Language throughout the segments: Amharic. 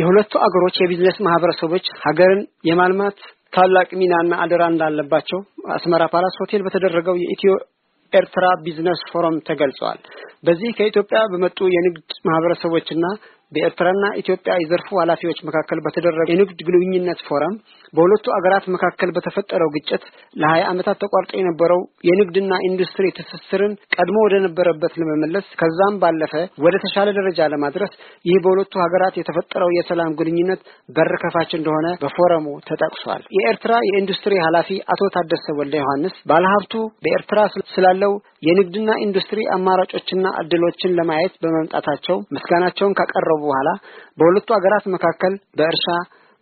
የሁለቱ አገሮች የቢዝነስ ማህበረሰቦች ሀገርን የማልማት ታላቅ ሚናና አደራ እንዳለባቸው አስመራ ፓላስ ሆቴል በተደረገው የኢትዮ ኤርትራ ቢዝነስ ፎረም ተገልጿል። በዚህ ከኢትዮጵያ በመጡ የንግድ ማህበረሰቦችና በኤርትራና ኢትዮጵያ የዘርፉ ኃላፊዎች መካከል በተደረገ የንግድ ግንኙነት ፎረም በሁለቱ አገራት መካከል በተፈጠረው ግጭት ለሀያ ዓመታት ተቋርጦ የነበረው የንግድና ኢንዱስትሪ ትስስርን ቀድሞ ወደ ነበረበት ለመመለስ ከዛም ባለፈ ወደ ተሻለ ደረጃ ለማድረስ ይህ በሁለቱ ሀገራት የተፈጠረው የሰላም ግንኙነት በር ከፋች እንደሆነ በፎረሙ ተጠቅሷል። የኤርትራ የኢንዱስትሪ ኃላፊ አቶ ታደሰ ወልደ ዮሐንስ ባለሀብቱ በኤርትራ ስላለው የንግድና ኢንዱስትሪ አማራጮችና እድሎችን ለማየት በመምጣታቸው ምስጋናቸውን ካቀረቡ በኋላ በሁለቱ አገራት መካከል በእርሻ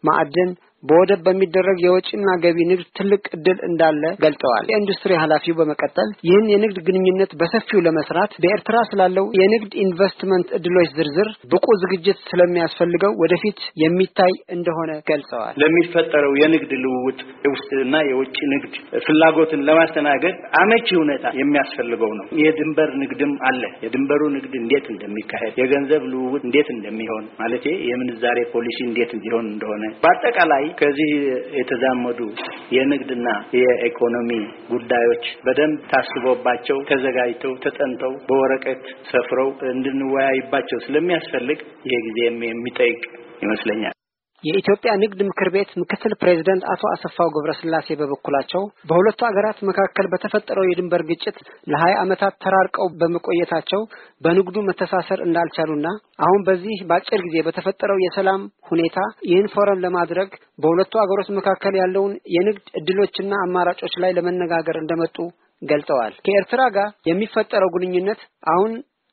ማዕድን በወደብ በሚደረግ የወጪና ገቢ ንግድ ትልቅ እድል እንዳለ ገልጠዋል። የኢንዱስትሪ ኃላፊው በመቀጠል ይህን የንግድ ግንኙነት በሰፊው ለመስራት በኤርትራ ስላለው የንግድ ኢንቨስትመንት እድሎች ዝርዝር ብቁ ዝግጅት ስለሚያስፈልገው ወደፊት የሚታይ እንደሆነ ገልጸዋል። ለሚፈጠረው የንግድ ልውውጥ የውስጥና የውጭ ንግድ ፍላጎትን ለማስተናገድ አመቺ ሁኔታ የሚያስፈልገው ነው። የድንበር ንግድም አለ። የድንበሩ ንግድ እንዴት እንደሚካሄድ፣ የገንዘብ ልውውጥ እንዴት እንደሚሆን፣ ማለት የምንዛሬ ፖሊሲ እንዴት ሊሆን እንደሆነ በአጠቃላይ ከዚህ የተዛመዱ የንግድና የኢኮኖሚ ጉዳዮች በደንብ ታስቦባቸው ተዘጋጅተው ተጠንተው በወረቀት ሰፍረው እንድንወያይባቸው ስለሚያስፈልግ ይሄ ጊዜም የሚጠይቅ ይመስለኛል። የኢትዮጵያ ንግድ ምክር ቤት ምክትል ፕሬዚደንት አቶ አሰፋው ገብረስላሴ በበኩላቸው በሁለቱ አገራት መካከል በተፈጠረው የድንበር ግጭት ለሀያ ዓመታት ተራርቀው በመቆየታቸው በንግዱ መተሳሰር እንዳልቻሉና አሁን በዚህ በአጭር ጊዜ በተፈጠረው የሰላም ሁኔታ ይህን ፎረም ለማድረግ በሁለቱ አገሮች መካከል ያለውን የንግድ እድሎችና አማራጮች ላይ ለመነጋገር እንደመጡ ገልጠዋል። ከኤርትራ ጋር የሚፈጠረው ግንኙነት አሁን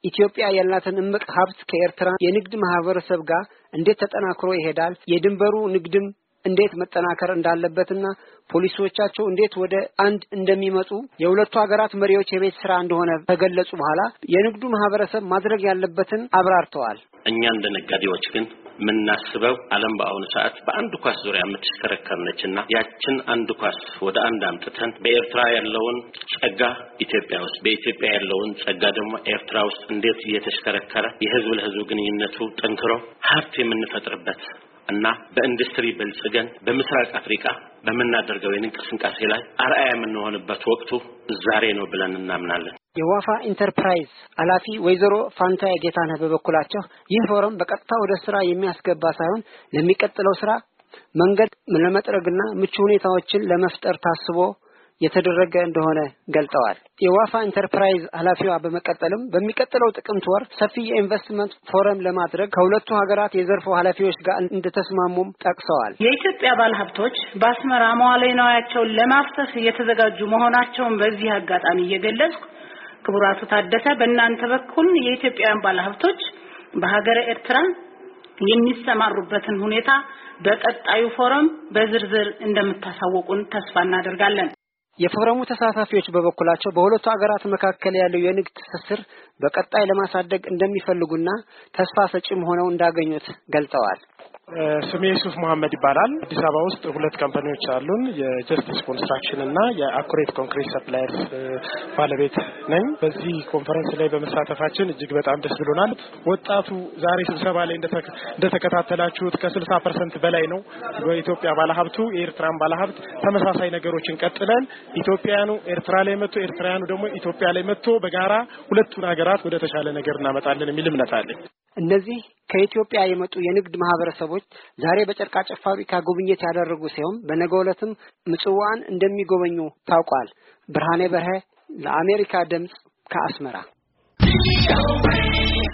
ኢትዮጵያ ያላትን እምቅ ሀብት ከኤርትራ የንግድ ማህበረሰብ ጋር እንዴት ተጠናክሮ ይሄዳል፣ የድንበሩ ንግድም እንዴት መጠናከር እንዳለበትና ፖሊሶቻቸው እንዴት ወደ አንድ እንደሚመጡ የሁለቱ ሀገራት መሪዎች የቤት ስራ እንደሆነ ከገለጹ በኋላ የንግዱ ማህበረሰብ ማድረግ ያለበትን አብራርተዋል። እኛ እንደ ነጋዴዎች ግን የምናስበው ዓለም በአሁኑ ሰዓት በአንድ ኳስ ዙሪያ የምትሽከረከር ነች እና ያችን አንድ ኳስ ወደ አንድ አምጥተን በኤርትራ ያለውን ጸጋ ኢትዮጵያ ውስጥ፣ በኢትዮጵያ ያለውን ጸጋ ደግሞ ኤርትራ ውስጥ እንዴት እየተሽከረከረ የህዝብ ለህዝብ ግንኙነቱ ጠንክሮ ሀብት የምንፈጥርበት እና በኢንዱስትሪ በልጽገን በምስራቅ አፍሪካ በምናደርገው የንቅስቃሴ ላይ አርአያ የምንሆንበት ወቅቱ ዛሬ ነው ብለን እናምናለን። የዋፋ ኢንተርፕራይዝ ኃላፊ ወይዘሮ ፋንታ ጌታነህ በበኩላቸው ይህ ፎረም በቀጥታ ወደ ስራ የሚያስገባ ሳይሆን ለሚቀጥለው ስራ መንገድ ለመጥረግና ምቹ ሁኔታዎችን ለመፍጠር ታስቦ የተደረገ እንደሆነ ገልጠዋል። የዋፋ ኢንተርፕራይዝ ኃላፊዋ በመቀጠልም በሚቀጥለው ጥቅምት ወር ሰፊ የኢንቨስትመንት ፎረም ለማድረግ ከሁለቱ ሀገራት የዘርፉ ኃላፊዎች ጋር እንደተስማሙም ጠቅሰዋል። የኢትዮጵያ ባለሀብቶች በአስመራ መዋዕለ ንዋያቸውን ለማፍሰስ እየተዘጋጁ መሆናቸውን በዚህ አጋጣሚ እየገለጽኩ ክቡር አቶ ታደሰ በእናንተ በኩል የኢትዮጵያውያን ባለሀብቶች በሀገረ ኤርትራ የሚሰማሩበትን ሁኔታ በቀጣዩ ፎረም በዝርዝር እንደምታሳውቁን ተስፋ እናደርጋለን። የፎረሙ ተሳታፊዎች በበኩላቸው በሁለቱ ሀገራት መካከል ያለው የንግድ ትስስር በቀጣይ ለማሳደግ እንደሚፈልጉና ተስፋ ሰጪም ሆነው እንዳገኙት ገልጸዋል። ስሜ ሱፍ መሀመድ ይባላል። አዲስ አበባ ውስጥ ሁለት ካምፓኒዎች አሉን። የጀስቲስ ኮንስትራክሽን እና የአኩሬት ኮንክሪት ሰፕላየርስ ባለቤት ነኝ። በዚህ ኮንፈረንስ ላይ በመሳተፋችን እጅግ በጣም ደስ ብሎናል። ወጣቱ ዛሬ ስብሰባ ላይ እንደተከታተላችሁት ከስልሳ ፐርሰንት በላይ ነው በኢትዮጵያ ባለሀብቱ የኤርትራን ባለሀብት ተመሳሳይ ነገሮችን ቀጥለን ኢትዮጵያውያኑ ኤርትራ ላይ መጥቶ ኤርትራውያኑ ደግሞ ኢትዮጵያ ላይ መጥቶ በጋራ ሁለቱን ሀገራት ወደ ተሻለ ነገር እናመጣለን የሚል እምነት አለኝ። እነዚህ ከኢትዮጵያ የመጡ የንግድ ማህበረሰቦች ዛሬ በጨርቃጨር ፋብሪካ ጉብኝት ያደረጉ ሲሆን በነገ ዕለትም ምጽዋን እንደሚጎበኙ ታውቋል። ብርሃኔ በርሀ ለአሜሪካ ድምፅ ከአስመራ